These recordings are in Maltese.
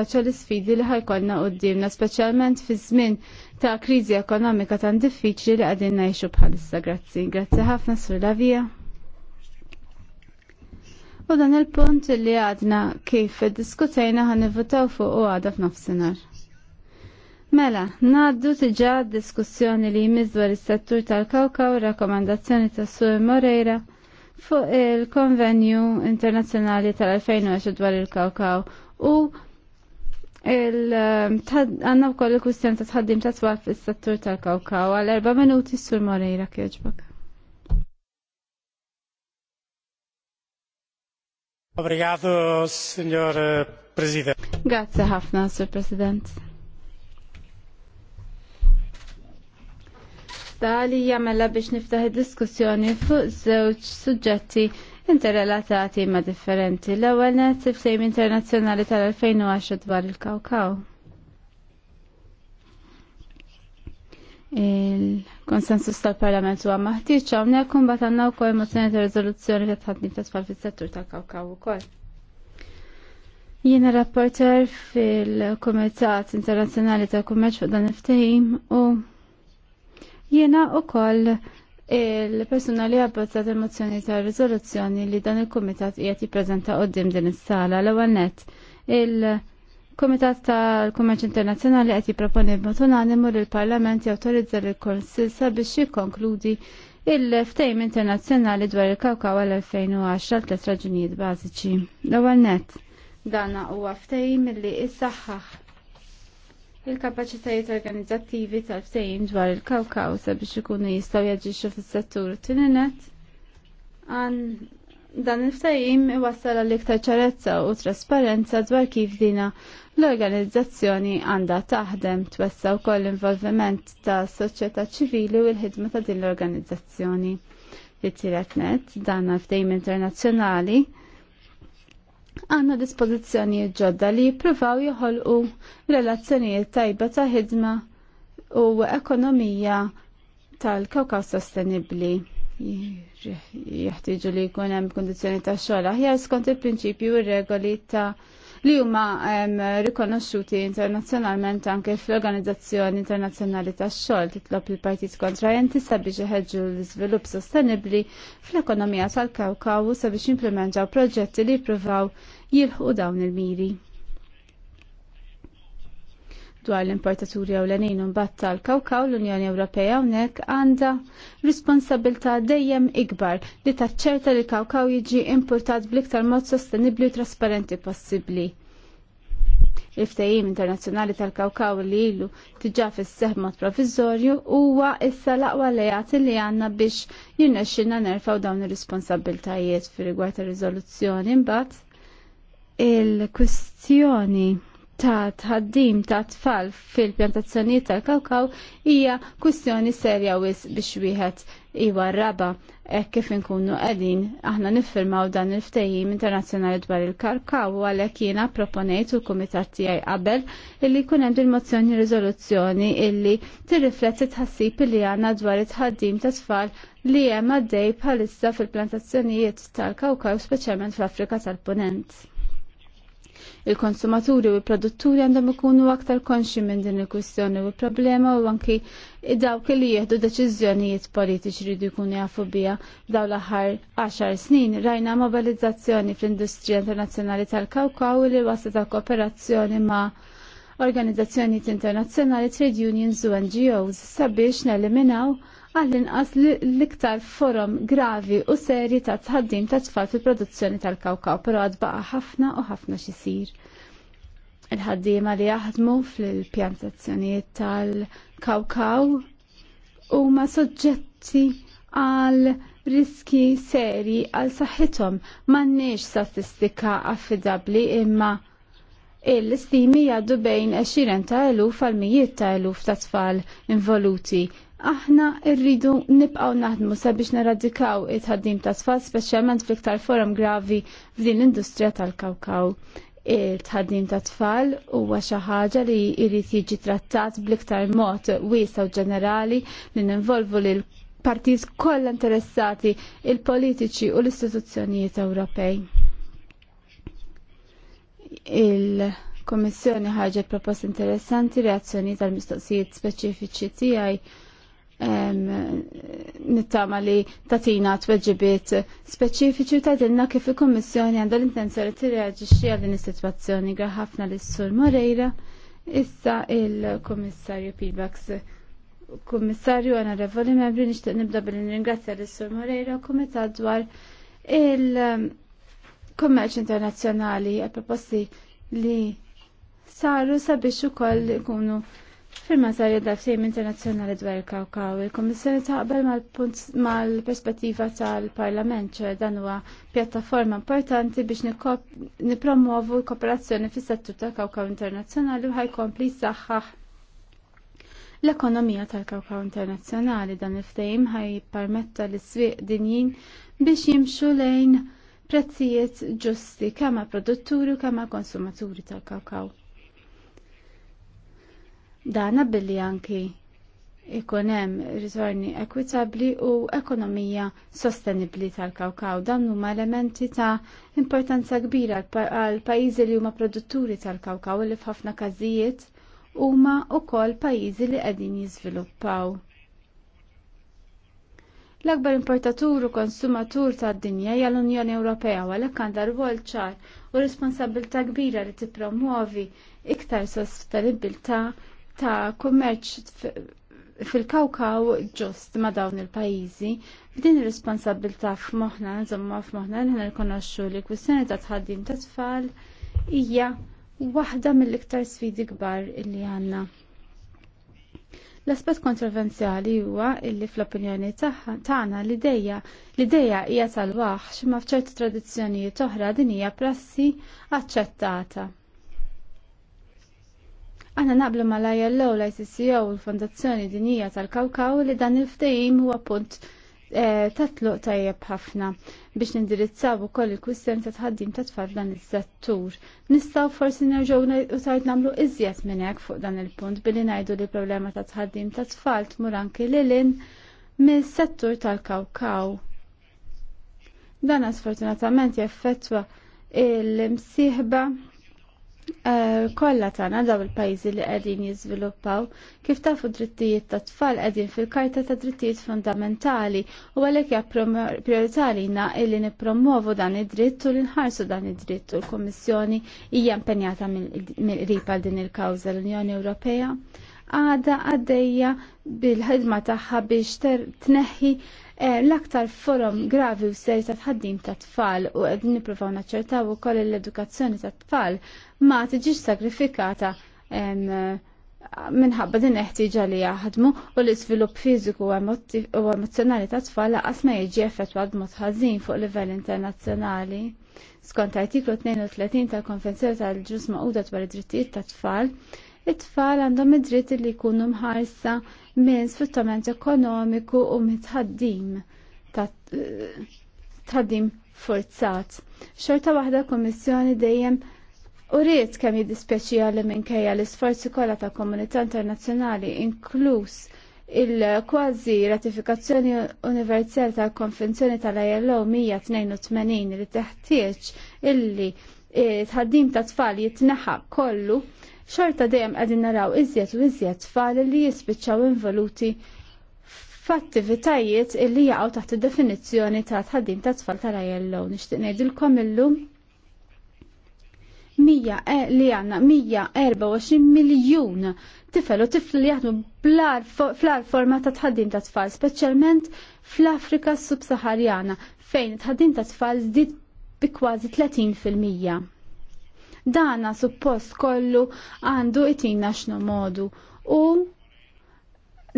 faċċa l-sfidi li ħajkonna dimna speċjalment fi żmien ta' kriżi ekonomika tan diffiċli li qegħdin ngħixu bħalissa. Grazzi, grazzi ħafna sur Lavija. U dan il-punt li għadna kif diskutejna ħan votaw fuq u għada f'nofsinhar. Mela, naddu tiġa diskussjoni li jmiss dwar is-settur tal-kawkaw rakkomandazzjoni ta' Sur Moreira fuq il-Konvenju Internazzjonali tal-2020 dwar il-Kawkaw u Um, għanna u koll il-kustjon ta' tħaddim ta' twal fil-settur tal-kawkaw għal erba minuti sur Moreira kieġbak. Obrigado, signor eh, President. Grazie ħafna, Sur President. Da li jamela biex niftaħ diskussjoni fuq żewġ suġġetti interrelatati ma' differenti. L-ewwel net il-ftehim internazzjonali tal-2010 dwar il-kawkaw. Il-konsensus tal-Parlament huwa maħtieġ hawnhekk imbagħad għandna wkoll mozzjoni ta' riżoluzzjoni li tħadni tfal fis-settur tal-kawkaw ukoll. Jiena rapporter fil-Kumitat Internazzjonali tal-Kummerċ fuq dan il-ftehim u jiena ukoll il-persuna li għabbazzat il-mozzjoni ta' rizoluzzjoni li dan il-komitat jgħat jiprezenta għoddim din is-sala l għannet il-Komitat tal-Kummerċ Internazzjonali qed jipproponi b'mod unanimu li l-Parlament jawtorizza l konsilsa biex jikkonkludi il-ftejm internazzjonali dwar il-Kawkaw għal-2010 tliet raġunijiet bażiċi. L-ewwel dana huwa għaftejm li saħħaħ il-kapacitajiet organizzattivi tal-ftejn dwar il-kawkaw biex ikunu jistaw jaġixxu fis-settur tininet għan dan il ftejim iwassal għal iktar ċarezza u trasparenza dwar kif dina l-organizzazzjoni għandha taħdem twessa wkoll l-involviment ta' soċjetà ċivili u l-ħidma ta' din l-organizzazzjoni. Jittiret dan għal ftejim internazzjonali għanna dispozizjoni ġodda li jipruvaw joħolqu relazzjonijiet tajba ta' ħidma u ekonomija tal-kawkaw sostenibli. Jeħtieġu li jkun hemm kundizzjoni ta' xogħol aħjar skont il-prinċipju u regoli ta' li huma rikonosciuti internazzjonalment anke fl-Organizzazzjoni Internazzjonali tax-Xogħol titlob il-partit kontrajenti sabiex iħeġġu l-iżvilupp sostenibbli fl-ekonomija tal-Kawkaw sabiex jimplementaw proġetti li jippruvaw jilħu dawn il-miri dwar l-importaturi ewlenin u mbagħad tal-kawkaw l-Unjoni Ewropea hawnhekk għandha responsabilità dejjem ikbar li taċċerta li l-kawkaw jiġi importat bl-iktar mod sostenibbli u trasparenti possibbli. Il-ftehim internazzjonali tal-kawkaw li ilu tiġa fis-seħ mod proviżorju huwa issa l-aqwa lejat li għandna biex jirnexxinna nerfgħu dawn ir-responsabiltajiet fir rigward ir-riżoluzzjoni mbagħad il-kwistjoni ta' tħaddim ta' tfal fil-pjantazzjonijiet tal-kawkaw hija kwistjoni serja wis biex wieħed iwa raba hekk kif inkunu qegħdin aħna niffirmaw dan il-ftehim internazzjonali dwar il-karkaw u għalhekk jiena proponejt u l-kumitat tiegħi qabel illi jkun hemm il-mozzjoni riżoluzzjoni illi tirrifletti tħassib li għandna dwar it-tħaddim ta' tfal li hemm għaddej bħalissa fil-plantazzjonijiet tal-kawkaw speċjalment fl-Afrika tal-Punent. Il-konsumaturi u l-produtturi għandhom ikunu aktar konxi minn din il-kwistjoni u problema u anki dawk li jieħdu deċiżjonijiet politiċi ridu jkunu jafu bija daw l-aħħar 10 snin rajna mobilizzazzjoni fl-industrija internazzjonali tal-kawkaw li wasa ta' kooperazzjoni ma' organizzazzjonijiet internazzjonali, trade unions u NGOs sabiex neliminaw għall-inqas l-iktar forum gravi u seri ta' tħaddim ta' tfal fil-produzzjoni tal-kawkaw, pero baqa ħafna u ħafna xisir. il ħaddim li jaħdmu fil-pjantazzjonijiet tal-kawkaw u ma' soġġetti għal riski seri għal saħħithom m'għandniex statistika affidabbli imma l-istimi jgħaddu bejn 20 ta' eluf għal mijiet ta' eluf ta' tfal involuti aħna rridu nibqaw naħdmu sabiex naradikaw it-ħaddim ta' tfal, speċjalment fl-iktar forum gravi f'din l-industrija tal-kawkaw. Il-tħaddim ta' tfal huwa xi ħaġa li jrid jiġi trattat bl-iktar mod wiesa u ġenerali li ninvolvu lil partiz kollha interessati il-politiċi u l-istituzzjonijiet Ewropej. Il-Kommissjoni ħarġet propost interessanti reazzjoni tal-mistoqsijiet speċifiċi tiegħi nittama li tatina tweġibiet speċifiċi u tadilna kif il-Kommissjoni għandha l-intenzjoni tirreaġixxi għal din is-sitwazzjoni ħafna lis sur Moreira issa il-Kummissarju Pibax. Kummissarju għana revoli membri nixtieq nibda bil nirringrazzja lis sur Moreira u kumitat dwar il-kummerċ internazzjonali għal proposti li saru sabiex ukoll ikunu Firma sarja da' f'sejm internazzjonali dwar il-kawkaw, il komissjoni taqbel mal-perspettiva tal-Parlament, ċe dan huwa pjattaforma importanti biex nipromuovu l-kooperazzjoni fis-settur tal-kawkaw internazzjonali u ħajkompli saħħaħ l-ekonomija tal-kawkaw internazzjonali dan il-ftehim ħaj permetta l swieq dinjin biex jimxu lejn prezzijiet ġusti kemm produtturi u kemm konsumaturi tal-kawkaw dana billi anki ikun hemm ekwitabli u ekonomija sostenibbli tal-kawkaw. Dan huma elementi ta' importanza kbira għal pajjiżi li huma produtturi tal-kawkaw li f'ħafna każijiet huma wkoll pajjiżi li qegħdin jiżviluppaw. L-akbar importatur u konsumatur tad-dinja hija l-Unjoni Ewropea għalhekk għandha rwol ċar u responsabilità kbira li tippromuovi iktar sostenibilità ta' kummerċ fil-kawkaw ġust ma' dawn il-pajizi, b'din ir-responsabilta f'moħna, nżomma f'moħna, l rikonoxxu li kwistjoni ta' tħaddim ta' tfal hija waħda mill-iktar sfidi kbar illi għanna. L-aspet kontroversjali huwa illi fl-opinjoni tagħna li dejja li dejja hija tal-waħx ma' f'ċerti tradizzjonijiet oħra din hija prassi aċċettata. Aħna naqblu ma l law l-ICCO, l-Fondazzjoni Dinija tal-Kawkaw li dan il-ftehim huwa punt eh, tatluq tajjeb ħafna biex nindirizzaw ukoll il-kwistjoni ta' tħaddim ta' tfal dan is-settur. Nistgħu forsi nerġgħu u tajt nagħmlu iżjed minn hekk fuq dan il-punt billi ngħidu li problema ta' tħaddim ta' tfal tmur anki lilin mis-settur tal-kawkaw. Dan sfortunatament jaffettwa il-msieħba Eh, kolla tagħna daw il-pajjiżi li qegħdin jiżviluppaw kif tafu drittijiet ta' tfal qegħdin fil-Karta ta' Drittijiet Fundamentali u għalhekk hija prioritarina illi nippromovu dan id drittu li nħarsu dan id drittu l komissjoni hija impenjata mill ripa għal din il-kawża l-Unjoni Ewropea għada għaddejja bil-ħidma tagħha biex tneħħi Eh, l-aktar forum gravi u seri ta' tħaddim ta' tfal u għed niprofaw naċċertaw u koll l-edukazzjoni ta' tfal ma tiġiġ sagrifikata minħabba din eħtieġa li jaħdmu u l-iżvilupp fiżiku u emozjonali ta' tfal laqas ma jiġi effettwat mod ħażin fuq livell internazzjonali. Skont artiklu 32 tal-Konvenzjoni tal-Ġus Maquda dwar id-drittijiet tat-tfal, it-tfal għandhom id-dritt li jkunu mħarsa minn sfruttament ekonomiku u mitħaddim tħaddim forzat. Xorta waħda kommissjoni dejjem u uriet kemm jiddispjaċija li minkejja l-isforzi kollha ta' komunità internazzjonali inkluż il-kważi ratifikazzjoni universali tal-Konvenzjoni tal-ILO 182 li teħtieġ illi eh, tħaddim ta' tfal jitneħħaq kollu xorta dejjem qegħdin naraw iżjed u iżjed tfal li jispiċċaw involuti f'attivitajiet illi jaqgħu taħt id-definizzjoni ta' tħaddim ta' tfal ta' rajellow. Nixtieq ngħidilkom illum mija e, li għanna 124 miljun tifel u tifli li jaħdmu fl għar forma ta' tħaddim ta' tfal, speċjalment fl-Afrika subsaharjana fejn tħaddim ta' tfal zdid bi kważi 30%. fil-mija. Dana suppost kollu għandu itina x'nu modu u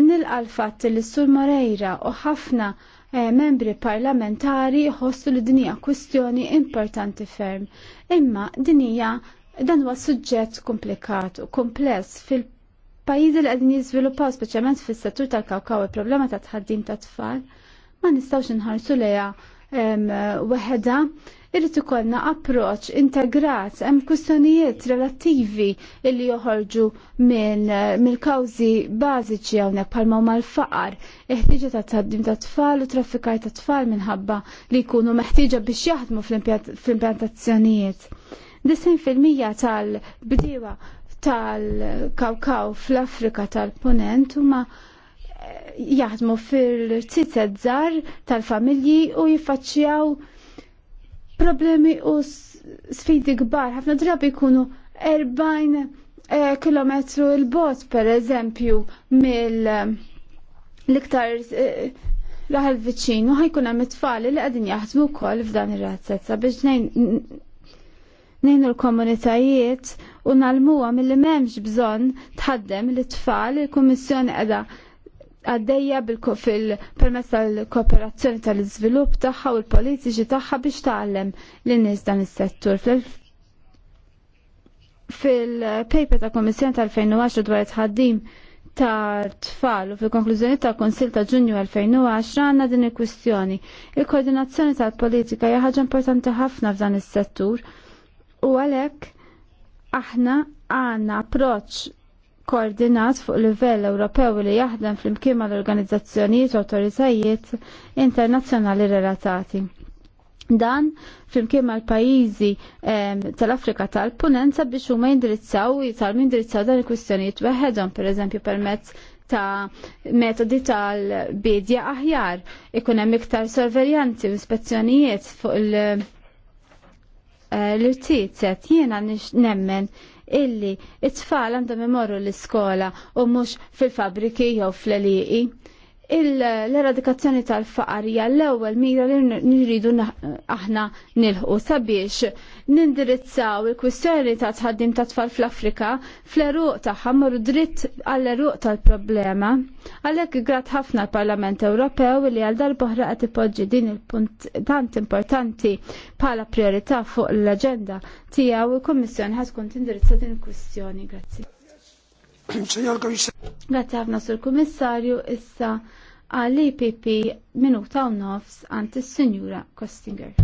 nil fatt li Sur Moreira u ħafna eh, membri parlamentari ħossu li dinija kwistjoni importanti ferm. Imma dinija dan huwa suġġett komplikat u kompless fil pajjiżi li qegħdin jiżviluppaw speċjalment fis-settur tal-kawkaw il-problema ta' tħaddim ta' tfal ma nistgħux inħarsu lejha weħda irrid ikollna approċ integrat hemm kwistjonijiet relattivi li joħorġu minn mill-kawżi bażiċi hawnhekk bħalma huma l-faqar, iħtieġa ta' taddim ta' tfal u traffikaj ta' tfal minħabba li jkunu meħtieġa biex jaħdmu fl-impjantazzjonijiet. fil-mija tal-bdiewa tal-kawkaw fl-Afrika tal-Ponent huma jaħdmu fil-tizet zar tal-familji u jiffaċċjaw problemi u sfidi kbar. ħafna drabi jkunu 40 eh, km il-bot, per eżempju, mill eh, l-iktar eh, laħal viċin u mitfali li qegħdin jaħdmu wkoll f'dan ir-razzezza biex nejnu l-komunitajiet u nalmuha milli m'hemmx bżonn tħaddem l-tfal il-Kummissjoni qiegħda għaddeja fil-permess tal-kooperazzjoni tal izvilup tagħha u l-politiċi tagħha biex tgħallem lin nies dan is-settur. Fil-paper ta' Komissjon tal-2010 dwar it-ħaddim ta' tfal u fil-konklużjoni ta' Konsil ta' Ġunju 2010 għandna din il-kwistjoni. Il-koordinazzjoni tal-politika hija ħaġa importanti ħafna f'dan is-settur u għalhekk aħna għandna approċċ koordinat fuq livell Ewropew li jaħdem fl-imkien mal-organizzazzjonijiet u autoritajiet internazzjonali relatati. Dan fl-imkien mal-pajjiżi tal-Afrika tal-Punenza biex huma jindirizzaw jitalmu jindirizzaw dan il-kwistjonijiet weħedhom, pereżempju permezz ta' metodi tal-bidja aħjar, ikun hemm iktar sorverjanti u ispezzjonijiet fuq eh, l-irtiet jiena nemmen illi it-tfal għandhom imorru l-iskola u mhux fil-fabriki jew fl-eliqi l-eradikazzjoni tal-faqar hija l-ewwel mira li nridu aħna nilħu sabiex nindirizzaw il-kwistjoni ta' tħaddim ta' tfal fl-Afrika fl-eruq tagħha marru dritt għall-eruq tal-problema. Għalhekk grat ħafna l-Parlament Ewropew li għal darb'oħra qed ipoġġi din il-punt tant importanti bħala priorità fuq l-aġenda tiegħu il-Kummissjoni ħad tkun tindirizza din il-kwistjoni. Grazzi. Grazie għafna sur kummissarju issa għall-IPP e minuta u nofs għant il-Sinjura Kostinger.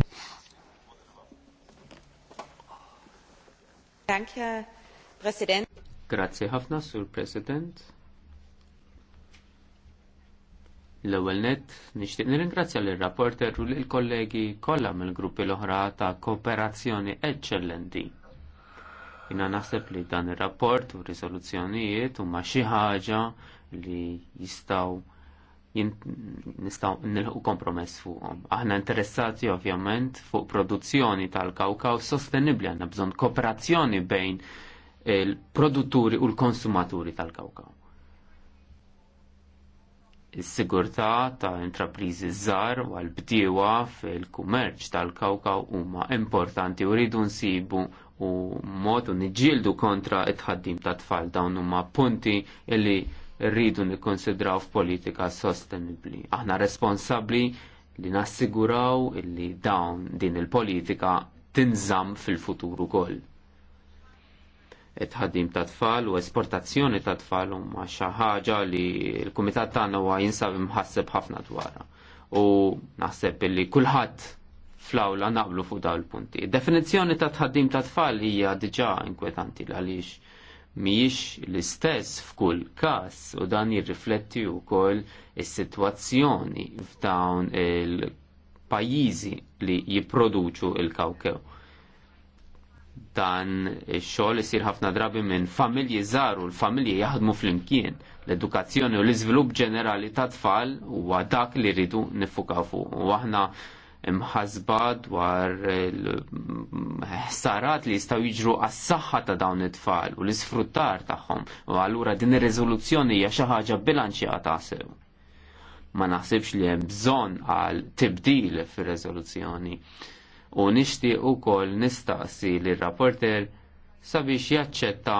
Danke, President. Grazie ħafna sur President. L-ewwel net nixtieq nirringrazzja l rapporter u lill kollegi kollha mill-gruppi l-oħra ta' kooperazzjoni eċċellenti. Jina naħseb li dan ir-rapport u risoluzzjonijiet huma xi ħaġa li jistgħu nistaw nilħu kompromess fuqhom. Aħna interessati ovvjament fuq produzzjoni tal-kawkaw sostenibli għandna bżonn kooperazzjoni bejn il-produtturi u l-konsumaturi tal-kawkaw. Is-sigurtà ta' intrapriżi żgħar u għall-bdiewa fil-kummerċ tal-kawkaw huma importanti u rridu nsibu u mod u kontra it-ħaddim ta' tfal dawn huma punti illi rridu nikkonsidraw f'politika sostenibbli. Aħna responsabbli li nassiguraw illi dawn din il-politika tinżamm fil-futur ukoll. It-ħaddim ta' tfal u esportazzjoni ta' tfal huma xi ħaġa li l-kumitat tagħna huwa jinsab imħasseb ħafna dwarha. U naħseb illi kulħadd fl-awla naqblu fuq dawn il-punti. Definizzjoni ta' tħaddim ta' tfal hija diġà inkwetanti għaliex mhijiex l-istess f'kull każ u dan jirrifletti wkoll is-sitwazzjoni f'dawn il-pajjiżi li jipproduċu il-kawkew. Dan ix-xogħol isir ħafna drabi minn familji żgħar u l-familji jaħdmu flimkien. L-edukazzjoni u l-iżvilupp ġenerali ta' tfal huwa dak li rridu nifukaw fuq. U aħna imħazba dwar l-ħsarat li jistaw jiġru għas-saħħa ta' dawn it-tfal u l-isfruttar tagħhom u allura din ir-riżoluzzjoni hija xi ħaġa bilanċjata sew. Ma naħsibx li hemm bżonn għal tibdil fir-riżoluzzjoni. U nixtieq ukoll nistaqsi lir rapporter sabiex jaċċetta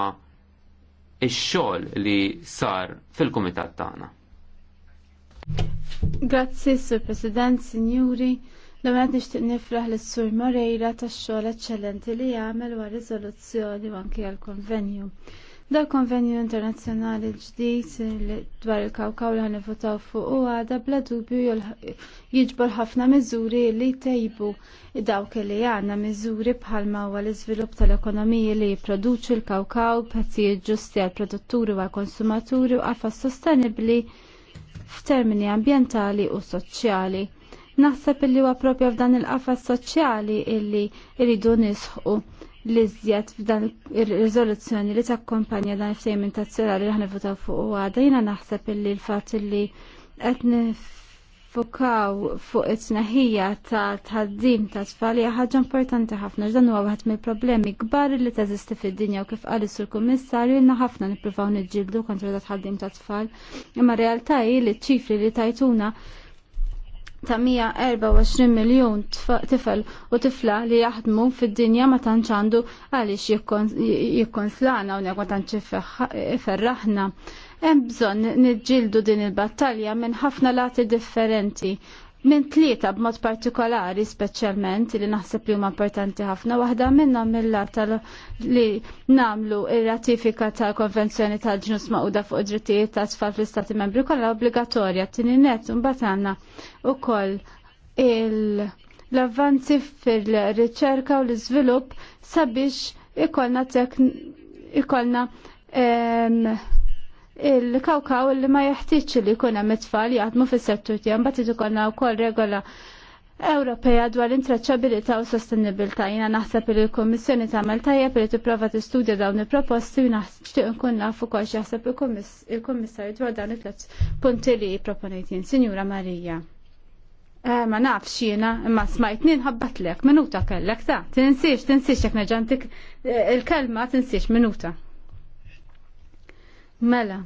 ix-xogħol li sar fil-kumitat tagħna. Grazzi, Sur President, Signori. L-għad nishtiq nifraħ l sur Moreira ta' xogħol eċċellenti li jagħmel wara riżoluzzjoni u anke għall-konvenju. Da konvenju internazzjonali ġdid dwar il-Kawkaw li ħanivutaw fuq u għada bla dubju jiġbor ħafna miżuri li tejbu dawk li għandna miżuri bħalma huwa l-iżvilupp tal-ekonomiji li jipproduċu l-kawkaw, prezzijiet ġusti għal-produtturi u għal-konsumaturi u għafa sostenibli f'termini ambjentali u soċjali. Naħseb illi huwa propja f'dan il-qafas soċjali illi rridu nisħu l iżjed f'dan ir-riżoluzzjoni li takkompanja dan il ta' tazzjonali li ħna votaw fuq għada jiena naħseb illi l-fatt illi qed nifukaw fuq it-tnaħija ta' tħaddim ta' tfal hija ħaġa importanti ħafna x'dan huwa waħed mill-problemi kbar li teżisti fid-dinja u kif qal sur kummissarju ilna ħafna nippruvaw niġġieldu kontra ta' tħaddim ta' tfal. Imma realtà hi li ċifri li tajtuna ta' 124 miljon tifel u tifla li jaħdmu fid-dinja ma tantx għandu għaliex jikkonslana u ma tantx iferraħna. Hemm bżonn niġġieldu din il-battalja minn ħafna lati differenti minn tlieta b'mod partikolari speċjalment li naħseb li huma importanti ħafna waħda minnhom mill tal li namlu ir-ratifika tal-Konvenzjoni tal-Ġnus Maquda fuq id-drittijiet ta' tfal fl-Istati Membri kollha obbligatorja tieni net imbagħad għandna ukoll l-avvanzi fil-riċerka u l-iżvilupp sabiex ikollna ikollna il-kawkaw li ma jeħtieġ li jkun hemm it-tfal jaħdmu fis-settur tiegħu mbagħad ikolna wkoll regola Ewropea dwar intraċċabilità u sostenibilità. Jiena naħseb li l-Kummissjoni tagħmel tajjeb li tipprova tistudja dawn il-proposti u naħseb nkun naf ukoll x'jaħseb il-Kummissarju dwar dawn it-tliet punti li jipproponejt jien. Sinjura Marija. Eh, ma nafx jiena imma smajt lek, minuta kellek ta' tinsiex tinsiex jekk neġantik eh, il-kelma tinsiex minuta. Mela.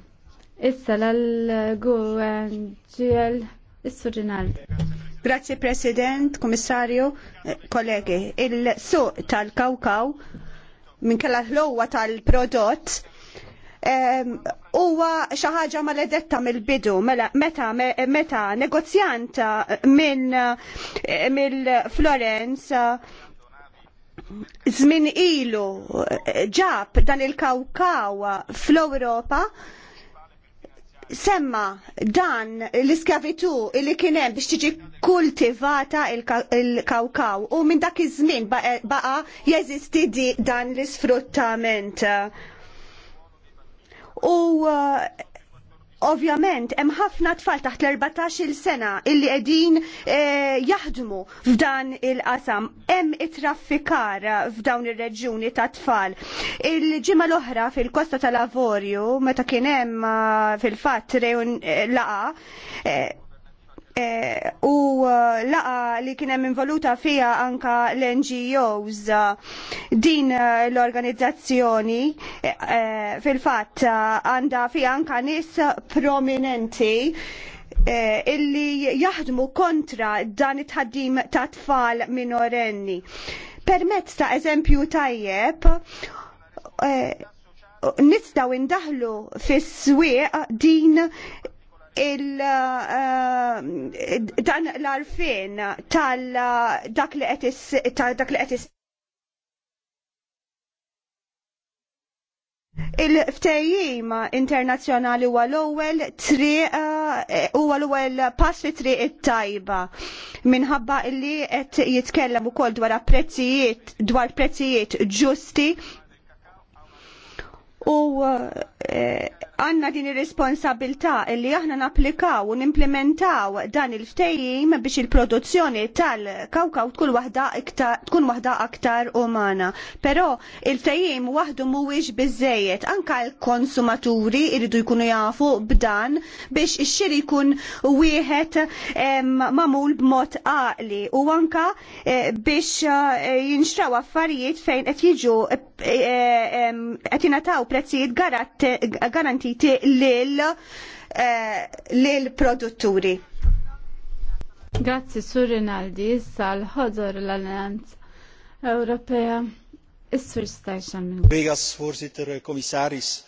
Issa l-GUNGL Is-Surinal. Grazie President, Komissarju, eh, kollegi. Il-suq tal-kawkaw minn kalla l-ħlowa tal-prodott huwa xi ħaġa maledetta mill-bidu mela, meta meta negozjant eh, minn eh, mill-Florence żmien ilu ġab dan il-kawkaw fl-Ewropa semma dan l-iskavitu li kien hemm biex tiġi kultivata il-kawkaw u minn dak iż-żmien eh, baqa jeżisti dan l-isfruttament. U eh, Ovvjament, hemm ħafna tfal taħt l-14 sena illi qegħdin eh, jaħdmu f'dan il-qasam. Hemm it-traffikar f'dawn ir-reġjuni ta' tfal. Il-ġimgħa l-oħra fil-Kosta tal-Avorju meta kien hemm eh, fil-fatt eh, laqa Eh, u eh, laqa li kienem involuta fija anka l-NGOs din eh, l-organizzazzjoni fil-fat għanda fija anka nis prominenti illi jaħdmu kontra dan it-ħaddim ta' tfal minorenni. Permezz ta' eżempju tajjeb, nistaw indaħlu fis-swieq din il eh, dan l-arfin tal-dak li qed tal-dak li qed Il-ftejjim internazzjonali huwa l-ewwel triq eh, huwa l-ewwel pass fi triq it-tajba minħabba li qed jitkellem ukoll dwar prezzijiet dwar prezzijiet ġusti u eh, Eh, għanna din ir-responsabilità li aħna napplikaw u nimplementaw dan il-ftejim biex il-produzzjoni tal-kawkaw tkun waħda iktar tkun waħda aktar umana. Però il-ftejim waħdu mhuwiex biżejjed, anka l-konsumaturi jridu jkunu jafu b'dan biex ix-xiri jkun wieħed mamul b'mod għaqli u anka eh, biex eh, jinxraw affarijiet fejn qed jiġu qed prezzijiet garanti garantiti lil eh, produtturi. Grazie Sur Rinaldi, sal ħodor l-Alleanza Ewropea. Is-Sur Stajxan minn. Vegas, Forsitter, Komissaris.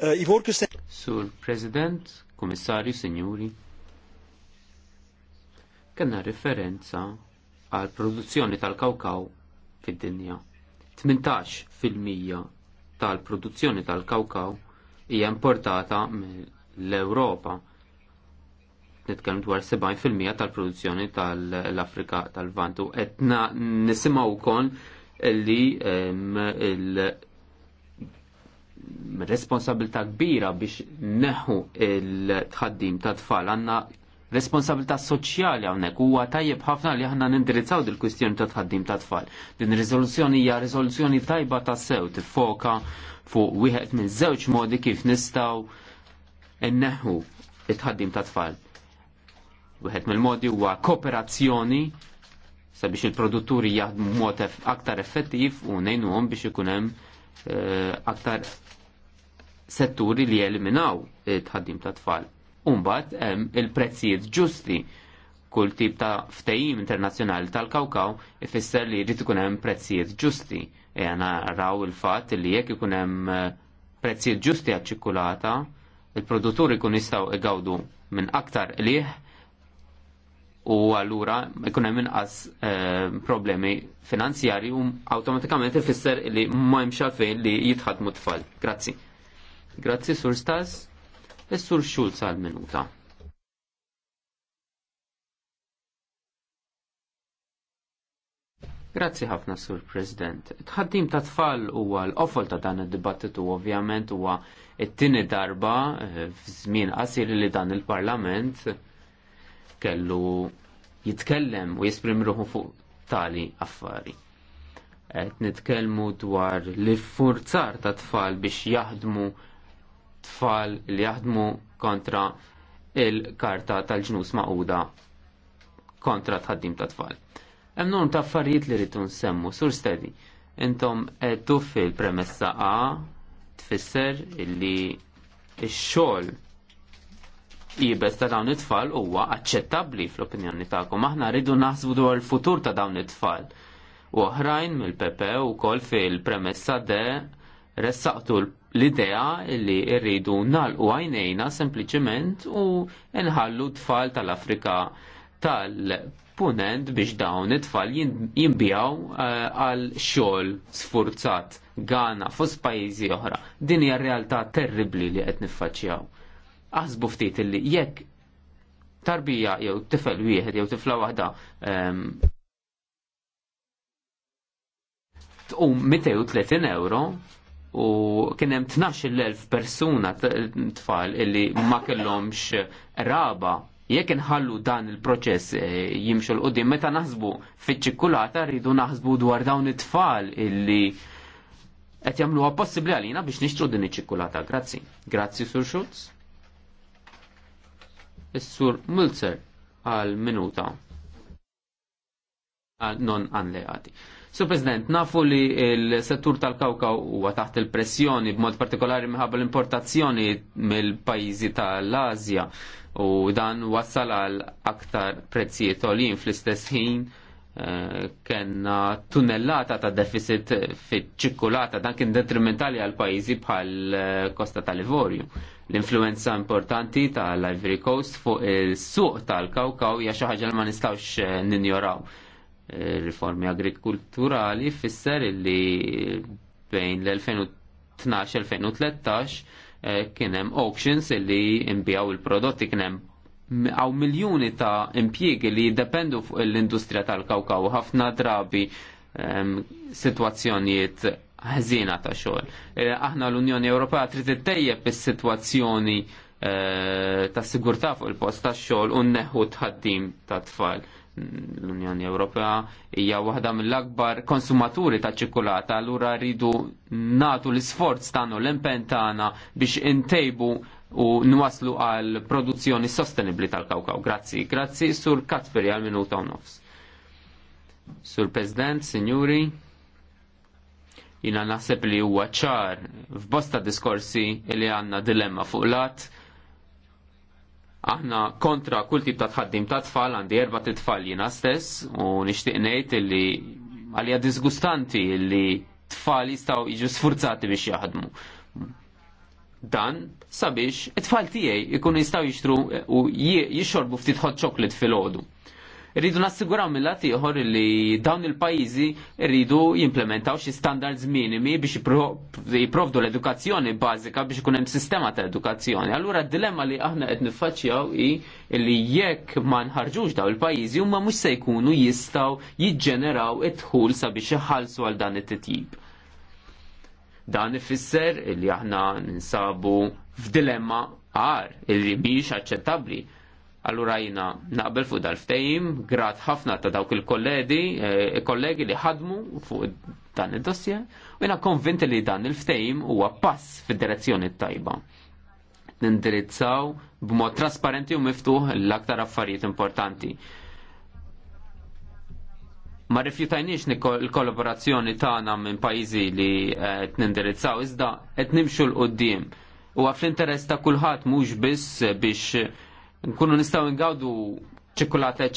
Eh, eh, Sur President, Komissarju, Senjuri. Kenna referenza għal produzzjoni tal-kawkaw fid-dinja. 18% tal-produzzjoni tal-kawkaw hija importata mill-Ewropa. Nitkellem dwar 70% tal-produzzjoni tal-Afrika tal-Vantu. Etna nisimgħu wkoll li il responsabilta kbira biex neħu il-tħaddim ta' tfal għanna responsabilità soċjali hawnhekk huwa tajjeb ħafna li aħna nindirizzaw dil kwistjoni ta' tħaddim ta' tfal. Din riżoluzzjoni hija riżoluzzjoni tajba ta' sew tiffoka fuq wieħed minn żewġ modi kif nistgħu nneħħu it-tħaddim ta' tfal. Wieħed mill-modi huwa kooperazzjoni sabiex il-produtturi jaħdmu mod aktar effettiv u ngħinuhom biex ikun hemm eh, aktar setturi li jeliminaw it-tħaddim ta' tfal Umbat hemm il-prezzijiet ġusti kull tip ta' ftejim internazzjonali tal-kawkaw ifisser li jrid ikun hemm prezzijiet ġusti. E raw il-fatt li jekk ikun hemm eh, prezzijiet ġusti għaċ-ċikkulata, il-produtturi kun jistgħu igawdu minn aktar liħ u allura ikun hemm inqas eh, problemi finanzjari u awtomatikament ifisser li ma hemmx għalfejn li jitħadmu tfal. Grazzi. Grazzi, Sur Stas. Is-Sur Schulz għal minuta. Grazzi ħafna, Sur President. Tħaddim ta' tfal huwa l-qofol ta' dan id-dibattitu ovvjament huwa t-tieni darba eh, f'żmien qasir li dan il-Parlament kellu jitkellem u jisprim ruħu fuq tali affari. Qed nitkellmu dwar l furzar ta' tfal biex jaħdmu tfal li jaħdmu kontra il-karta tal-ġnus maquda kontra tħaddim ta' tfal. Hemm ta' affarijiet li rridu nsemmu sur stedi. Intom qed fil-premessa A tfisser illi x-xogħol jibes ta' dawn it-tfal huwa aċċettabbli fl-opinjoni tagħkom. Aħna rridu naħsbu dwar il-futur ta' dawn it-tfal. U oħrajn mill-PP u kol fil-premessa de ressaqtu l-idea li rridu nalqu għajnejna sempliċement u nħallu tfal tal-Afrika tal-punent biex dawn it-tfal jimbijaw eh, għal xogħol sfurzat Ghana fost pajjiżi oħra. Din hija realtà terribli li qed niffaċċjaw. Aħsbu ftit li jekk tarbija jew tifel wieħed jew tifla waħda ehm, tqum 230 euro u kien hemm elf persuna tfal illi ma kellhomx raba jekk inħallu dan il-proċess eh, jimxu l qudiem meta naħsbu fiċ-ċikkulata rridu naħsbu dwar dawn it-tfal illi qed jagħmluha possibbli għalina biex nixtru din iċ-ċikkulata. Grazzi. Grazzi Sur Schulz. Is-Sur Mulzer għal minuta ah, Non non leħati. Sur President, nafu li il settur tal-kawkaw huwa taħt il-pressjoni b'mod partikolari minħabba l-importazzjoni mill-pajjiżi tal azja u dan wassal għal aktar prezzijiet olin fl-istess ħin eh, kena tunnellata ta' deficit fit ċikkulata dan kien detrimentali għal pajjiżi bħal Kosta eh, tal Livorju. L-influenza importanti tal-Ivory Coast fuq il-suq tal-Kawkaw hija xi ħaġa li ma nistgħux eh, ninjoraw riformi agrikulturali fisser li bejn l-2012-2013 eh, kienem auctions li imbijaw il-prodotti kienem għaw miljoni ta' impjiegi li jiddependu fuq l-industrija tal-kawkaw ħafna drabi situazzjonijiet ħażina ta' xogħol. Eh, aħna l-Unjoni Ewropea trid ittejjeb is-sitwazzjoni eh, ta' sigurtà fuq il-post ta' xogħol u nneħħu tħaddim ta' tfal l-Unjoni Ewropea hija waħda mill-akbar konsumaturi ta' ċikolata, allura rridu natu l-isforz tagħna l-impen tagħna biex intejbu u nwaslu għal produzzjoni sostenibli tal-kawkaw. Grazzi, grazzi sur Katferi għal minuta u nofs. Sur President, Signuri, jina naħseb li huwa ċar f'bosta diskorsi li għanna dilemma fuq lat Aħna kontra kull tip ta' tħaddim ta' tfal għandi erba' tfal jiena stess u nixtieq ngħid li għalija disgustanti li tfal jistgħu jiġu sfurzati biex jaħdmu. Dan sabiex it-tfal tiegħi jkunu jistgħu jixtru u jixorbu ftit ħod ċoklet fil-ħodu Rridu nassiguraw mill-lat ieħor li dawn il-pajjiżi rridu jimplementaw xi standards minimi biex jipprovdu l-edukazzjoni bażika biex ikun hemm sistema ta' edukazzjoni. Allura d-dilemma li aħna qed niffaċċjaw hi li jekk ma nħarġux daw il-pajjiżi huma mhux se jkunu jistgħu jiġġeneraw id dħul sabiex iħallsu għal dan it-titjib. Dan ifisser li aħna ninsabu f'dilemma għar li biex aċċettabbli Allura jina naqbel fuq dal-ftejim, grat ħafna ta' dawk il-kollegi eh, kollegi li ħadmu fuq dan il-dossier, u jina konvinti li dan il-ftejim huwa pass fid-direzzjoni tajba. Nindirizzaw b'mod trasparenti u miftuħ l-aktar affarijiet importanti. Ma rifjutajniex l-kollaborazzjoni tagħna minn pajjiżi li qed nindirizzaw iżda qed nimxu l qudiem U fl-interess ta' kulħadd mhux biss biex nkunu nistgħu ngawdu ċikkulata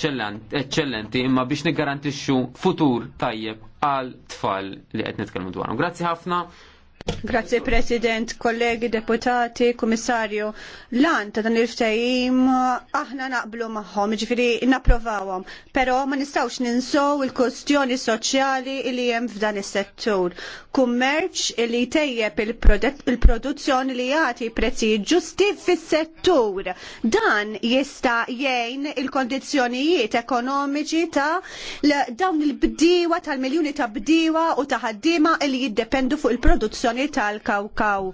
eccellenti imma biex nigarantixxu futur tajjeb għal tfal li qed nitkellmu dwarhom. Grazzi ħafna Grazie President, kollegi, deputati, komissarju. Lan ta' dan il-ftajim aħna naqblu maħħom, ġifiri naprovawom. Pero ma nistawx ninsow il-kustjoni soċjali li jem f'dan is-settur. Kummerċ li tejjeb il-produzzjoni li jagħti prezzi ġusti fis-settur. Dan jista' jgħin il-kondizzjonijiet ekonomiċi ta' dawn il bdiwa tal-miljuni ta' bdiwa u ta' ħaddiema li jiddependu fuq il-produzzjoni reġjoni tal-Kawkaw.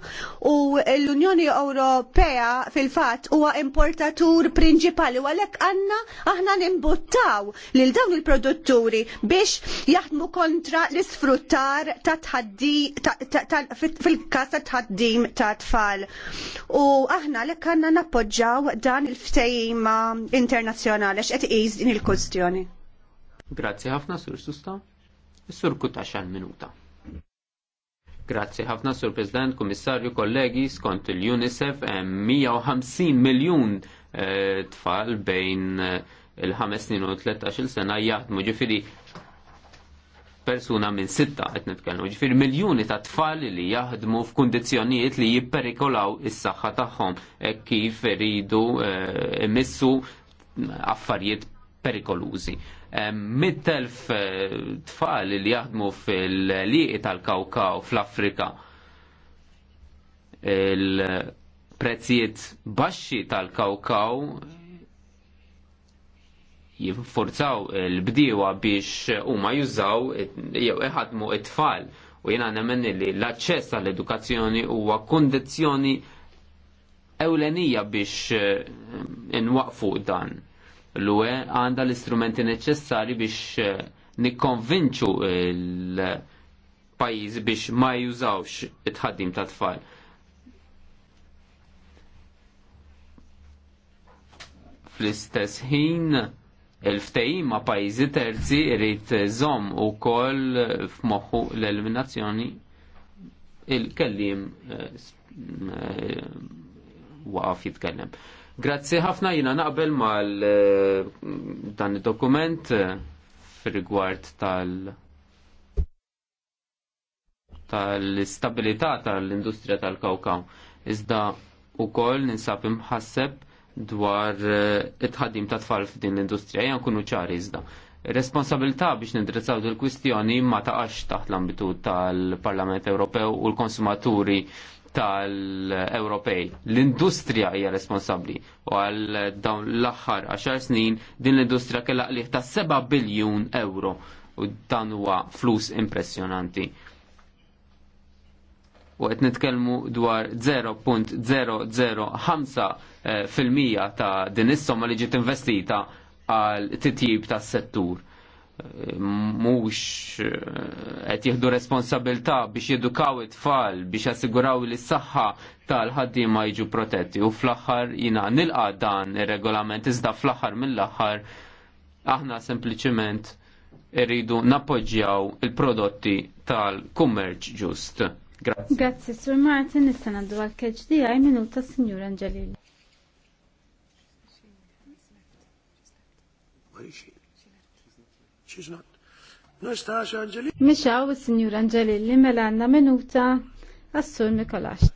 U l-Unjoni Ewropea fil-fatt huwa importatur prinċipali u għalhekk għandna aħna nimbuttaw lil dawn il-produtturi biex jaħdmu kontra l-isfruttar ta' tħaddi fil-każ ta' tħaddim ta' tfal. U aħna lek għandna nappoġġaw dan il-ftejma internazzjonali x'qed iqis din il-kwestjoni. Grazzi ħafna, Sur Susta. Is-sur kutax għal minuta. Grazzi ħafna sur President, Kummissarju, kollegi, skont il-UNICEF hemm 150 miljun eh, tfal bejn eh, il-5 snin u 13 sena jaħdmu ġifiri persuna minn sitta qed nitkellmu. Ġifier miljuni ta' tfal li jaħdmu f'kundizzjonijiet li jipperikolaw is-saħħa tagħhom e kif iridu eh, immissu affarijiet perikolużi mittelf eh, tfal li jaħdmu fil-liqi tal-Kawkaw fl-Afrika il prezziet baxxi tal-Kawkaw jifforzaw il bdiwa biex huma jużaw jew iħadmu it-tfal u jiena nemmen li l-aċċess għall-edukazzjoni huwa kondizzjoni ewlenija biex eh, inwaqfu dan l-UE għandha l-istrumenti neċessari biex eh, nikkonvinċu l pajiz biex ma jużawx it-ħaddim ta' tfal. Fl-istess ħin il-ftehim ma' pajjiżi terzi zom u ukoll f'moħħu l-eliminazzjoni il-kellim eh, eh, waqaf jitkellem. Grazzi ħafna jina naqbel mal eh, dan il-dokument eh, fil-rigward tal- tal istabilità tal-industrija tal-kawkaw. Iżda u koll ninsab imħasseb dwar eh, it ħadim ta' tfal f'din l-industrija, jgħan kunu ċari iżda. Responsabilità biex nindrizzaw il kwistjoni ma taqax taħt l-ambitu tal-Parlament Ewropew u l-konsumaturi tal-Ewropej. L-industrija hija responsabbli u għal dawn l-aħħar 10 snin din l-industrija kellha qliq ta' 7 biljun euro u dan huwa flus impressjonanti. U qed nitkellmu dwar 0.005 eh, ta' din is-somma li ġiet investita għal titjib tas-settur mhux eh, qed jieħdu responsabilità biex jedukaw it-tfal biex assiguraw li s-saħħa tal-ħaddiema jiġu protetti u fl-aħħar jina nilqa dan ir-regolament iżda fl-aħħar mill-aħħar aħna sempliċement irridu nappoġġjaw il-prodotti tal-kummerċ ġust. Grazie. Grazie, Sur Martin, nista' għaddu għal-keġ di għaj minuta, Signor Angelilli. Where is she? she's not. Nistax Angeli? Mishaw il-Signor Angeli mela Menuta, minuta Mikolas.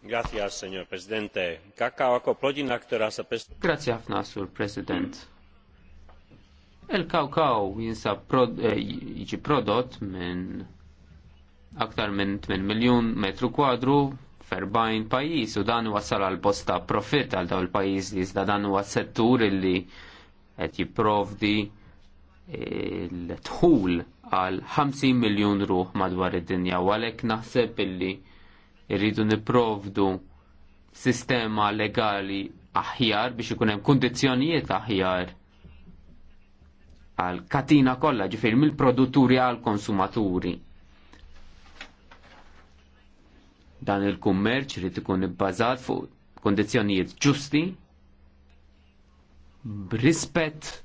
Gracias, Grazie, Signor Presidente. Kakao ako plodina, ktora sa pest... Grazie għafna, Sur President. il kakao jinsab prod, eh, jiġi prodott minn aktar minn 8 miljon metru kwadru ferbajn pajis u dan wasal għal posta profit għal daw il-pajis li zda dan huwa settur illi għet jiprovdi l-tħul għal 50 miljon ruħ madwar id-dinja u għalhekk naħseb illi rridu niprovdu sistema legali aħjar biex ikun hemm kundizzjonijiet aħjar għal katina kollha ġifier mill-produtturi għal konsumaturi. Dan il-kummerċ irid ikun ibbażat fuq kundizzjonijiet ġusti b'rispett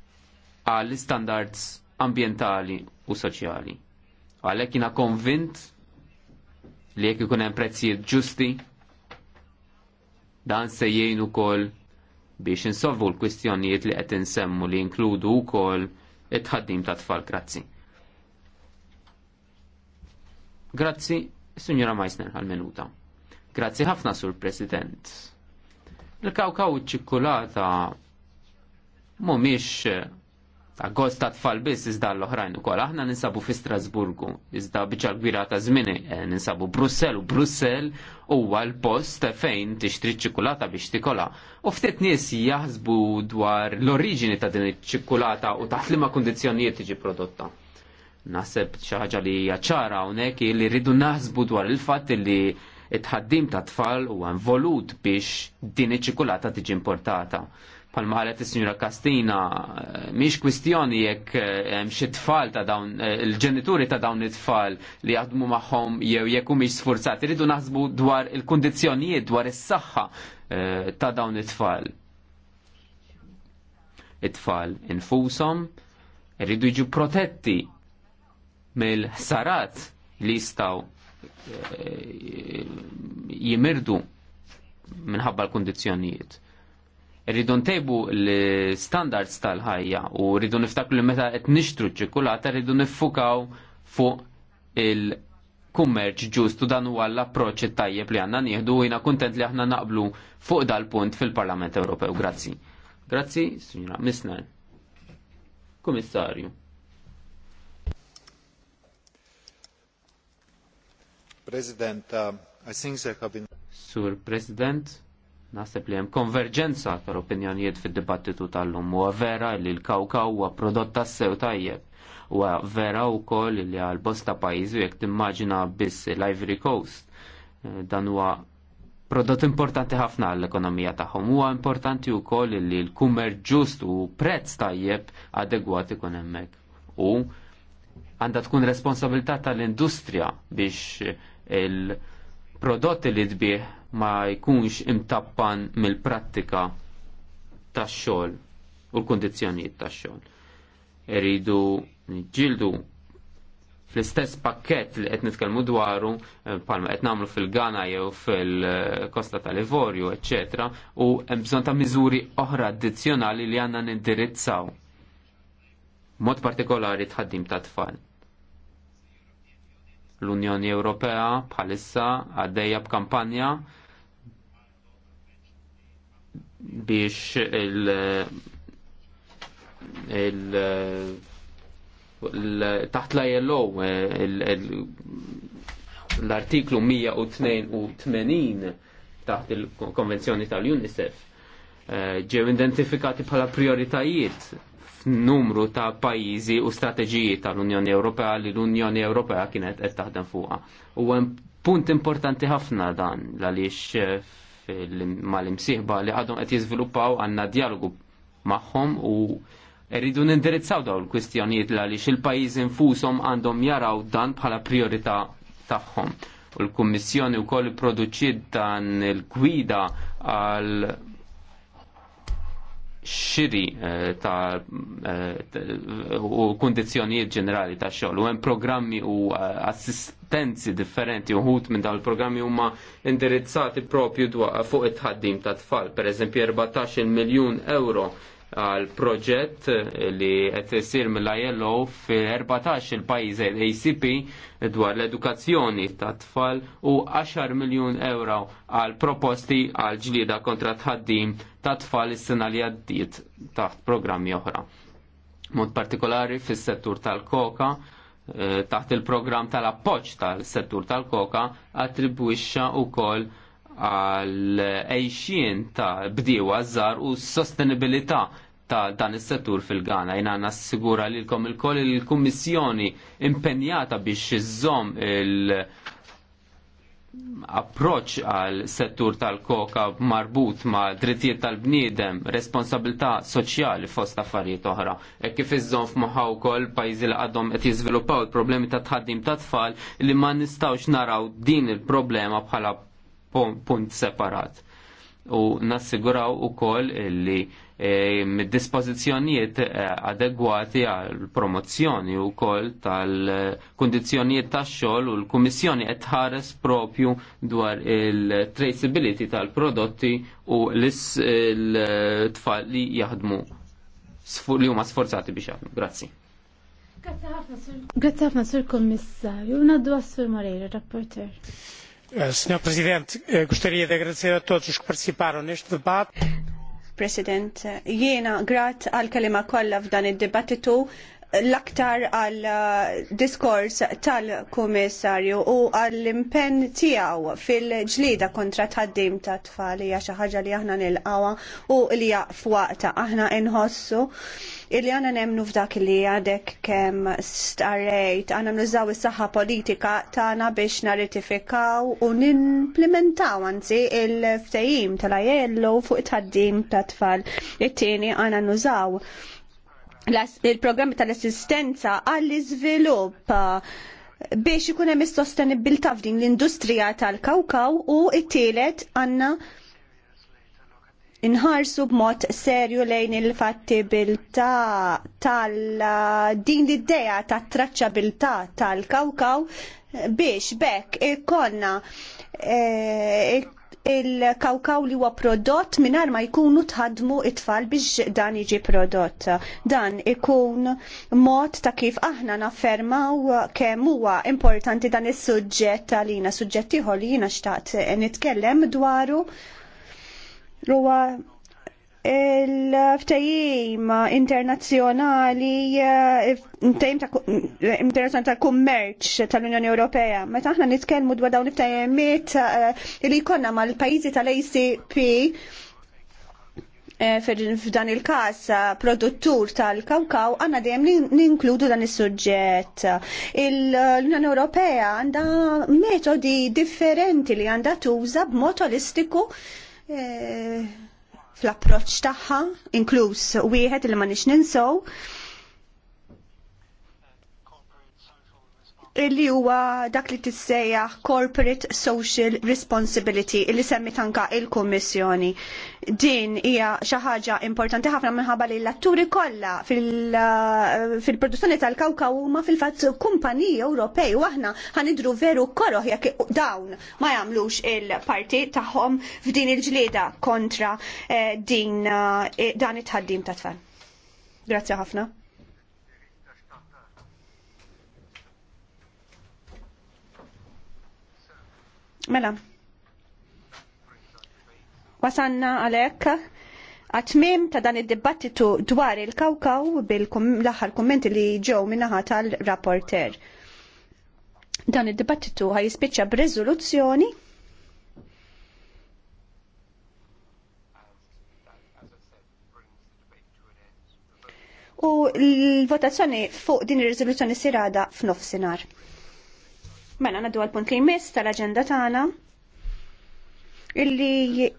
għall standards ambientali u soċjali. Għalhekk jiena konvint li jekk ikun hemm prezzijiet ġusti, dan se jgħin ukoll biex insolvu l-kwistjonijiet li qed insemmu li inkludu wkoll it-tħaddim ta' tfal grazzi. Grazzi, Signora Meissner, għal-minuta. Grazzi ħafna, Sur President. Il-kawkaw ċikkulata mumiex ta' gost ta' tfal biss iżda l-oħrajn ukoll. Aħna ninsabu fi Strasburgu, iżda biċċa kbira ta' żmini eh, ninsabu Brussel u Brussel huwa l-post fejn tixtri ċikulata biex tikola. U ftit nies jaħsbu dwar l-oriġini ta' din iċ-ċikulata u taħt liema kundizzjonijiet tiġi prodotta. Naħseb xi ħaġa li hija ċara hawnhekk li rridu naħsbu dwar il-fatt li t tħaddim ta' tfal huwa involut biex din iċ-ċikulata tiġi importata pal maħalet il-Sinjura Kastina, miex kwistjoni jekk eh, xi tfal ta' dawn, eh, il-ġenituri ta' dawn it-tfal li jaħdmu magħhom jew jekk miex sforzat iridu naħsbu dwar il-kundizzjonijiet, dwar is-saħħa eh, ta' dawn it-tfal. It-tfal infushom rridu jiġu protetti mill-ħsarat li jistgħu jimirdu minħabba l-kundizzjonijiet Rridu ntejbu l-standards tal-ħajja u rridu niftakru li meta qed nixtru ċ-ċikulata rridu niffukaw fuq il-kummerċ ġustu dan huwa l-approċċ tajjeb li għandna nieħdu jiena kuntent li aħna naqblu fuq dal-punt fil-Parlament Ewropew. Grazzi. Grazzi, Sinjura Misner. Kummissarju. President, uh, I think there have been... Sur President, Naħseb li hemm konverġenza tal-opinjonijiet fid-dibattitu tal-lum huwa vera li l-kawkaw huwa prodott tas-sew tajjeb. Huwa vera wkoll li għal bosta pajjiżi jekk timmaġina biss l-Ivory Coast eh, dan huwa prodott importanti ħafna għall-ekonomija tagħhom. Huwa importanti wkoll li l-kummer ġust u prezz tajjeb adegwat ikun hemmhekk. U għandha tkun responsabilità tal-industrija biex il-prodotti li tbieħ ma jkunx imtappan mill-prattika tax-xogħol u l-kundizzjonijiet tax-xogħol. Iridu ġildu fl-istess pakkett li qed nitkellmu dwaru eh, palma qed nagħmlu fil-Ghana jew fil-Kosta tal-Livorju, eċċetera, u hemm bżonn ta' miżuri oħra addizzjonali li għandna nindirizzaw. Mod partikolari tħaddim ta' tfal l-Unjoni Ewropea bħalissa għaddejja b'kampanja biex il- il- taħt la jello l-artiklu 182 taħt il-konvenzjoni tal-UNICEF eh, ġew identifikati bħala prioritajiet f'numru ta' pajjiżi u strateġiji tal-Unjoni Ewropea li l-Unjoni Ewropea kienet qed taħdem fuqha. U hemm punt importanti ħafna dan għaliex eh, mal-imsieħba li għadhom qed jiżviluppaw għandna dialogu magħhom u rridu nindirizzaw daw l-kwistjonijiet li għaliex il-pajjiż infushom għandhom jaraw dan bħala priorità tagħhom. U l-Kummissjoni wkoll produċiet dan il-gwida għal xiri eh, ta' eh, u kondizjonijiet ġenerali ta' xogħol u hemm programmi u eh, assistenzi differenti uħut minn dawn il-programmi huma indirizzati propju fuq it tħaddim ta' tfal, pereżempju 14 miljun euro għal proġett li qed isir mill-ILO fil-14 il-pajjiż ACP dwar l-edukazzjoni ta' tfal u 10 miljun euro għal proposti għal ġlieda kontra tħaddim ta' tfal is-sena li għaddiet taħt programmi oħra. Mod partikolari fis-settur tal-koka eh, taħt il-programm tal-appoġġ tal-settur tal-koka attribwixxa wkoll għal ejxien ta' bdiewa żgħar u s sostenibilità ta' dan is-settur fil-Ghana. Jina nassigura li l-kom il-koll il-Kummissjoni impenjata biex iżżomm il- approċ għal settur tal-koka marbut ma' drittijiet tal-bniedem, responsabilità soċjali fost affarijiet oħra. E kif iżżon f'moħħa wkoll pajjiżi li għadhom qed jiżviluppaw il-problemi ta' tħaddim ta' tfal li ma nistgħux naraw din il-problema bħala punt separat u nassiguraw u koll li e, mid dispozizjonijiet e, adegwati għal promozzjoni u koll tal-kondizjonijiet ta' xol u l komissjoni qed ħares propju dwar il-traceability tal-prodotti u l-tfal li jaħdmu li huma sforzati biex jaħdmu. Grazzi. Grazzi ħafna sur Kommissarju, naddu għas-Sur Moreira, rapporter. Eh, Signor Presidente, eh, gostaria di agradecer a todos os que participaram neste debate. President, eh, jiena grat għal kelima kollha f'dan id-dibattitu l-aktar għal diskors tal-komissarju u għall impenn tiegħu fil-ġlida kontra tħaddim ta' tfal hija xi ħaġa li aħna nilqawha u li jaqfwaqta aħna inħossu illi għana nemnu f'dak li għadek kem starejt, għana nużaw is-saħħa politika tagħna biex naritifikaw u nimplementaw anzi il-ftehim tal-ajello fuq it-ħaddim tat-tfal. It-tieni għana nużaw il-programmi tal-assistenza għall-iżvilupp uh, biex ikun hemm is-sostenibilità f'din l-industrija tal-kawkaw u t-tielet għandna inħarsu b'mod serju lejn il-fattibilità tal-din l-idea tat traċċabilità tal-kawkaw biex bekk ikonna e, il-kawkaw li huwa prodott mingħajr ma jkunu tħadmu it-tfal biex dan jiġi prodott. Dan ikun mod ta' kif aħna naffermaw kemm huwa importanti dan is-suġġett għalina, suġġett li jiena xtaqt nitkellem dwaru Ruwa il-ftajim internazzjonali, eh, ftajim internazjonali tal-kummerċ tal-Unjoni Ewropea. Meta aħna nitkellmu dwar dawn il-ftajimiet eh, li jkollna mal-pajjiżi tal-ACP eh, f'dan il-kas produttur tal-kawkaw għanna dejjem ninkludu dan is-suġġett. L-Unjoni Ewropea għandha metodi differenti li għandha tuża b'mod olistiku Eh, fl approċċ tagħha, inkluż wieħed li ma nix ninsow. li huwa dak li tissejjaħ Corporate Social Responsibility li semmit anka il-Kummissjoni. Din hija xi ħaġa importanti ħafna minħabba li l-atturi kollha fil-produzzjoni tal-kawkaw huma fil-fatt kumpaniji Ewropej u aħna ħanidru veru koroħ jekk dawn ma jagħmlux il-parti tagħhom f'din il-ġlieda kontra eh, din eh, dan it tħaddim tat tfal. Grazzi ħafna. Mela. Wasanna għalek għatmim ta' dan id-dibattitu dwar il-kawkaw bil laħħar kommenti li ġew minnaħa tal-rapporter. Dan id-dibattitu ħaj jispiċċa b'riżoluzzjoni u l-votazzjoni fuq din ir-riżoluzzjoni sirada f'nofsinhar. Mela, naddu għal-punt li jmiss tal-agenda tagħna illi